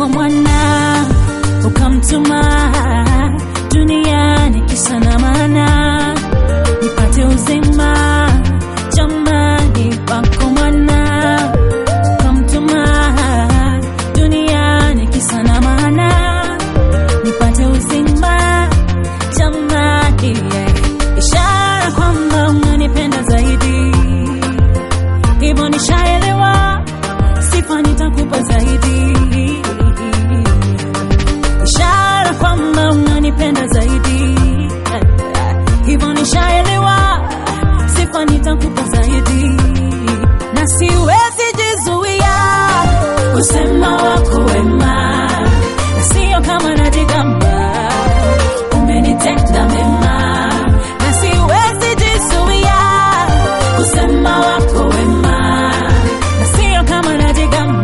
wako mwana ukamtuma duniani kisa na maana nipate uzima jamani wako mwana ukamtuma duniani kisa na maana nipate uzima jamani yeah. ishara kwamba unanipenda zaidi hivyo nishaelewa sifa nitakupa zaidi kusema wako wema, sio kama najigamba, umenitenda mema na siwezi jisuia. Kusema wako wema, sio kama najigamba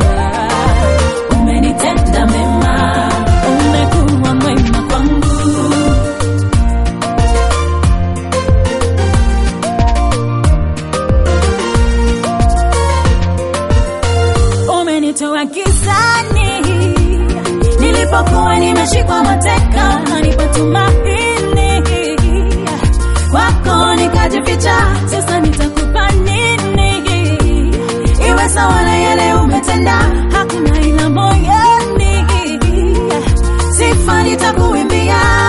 kisani, nilipokuwa nimeshikwa mateka, nipa tumaini kwako nikajificha. Sasa nitakupa nini? Iwe sawa na yale umetenda, hakuna ila moyoni, sifa nitakuimbia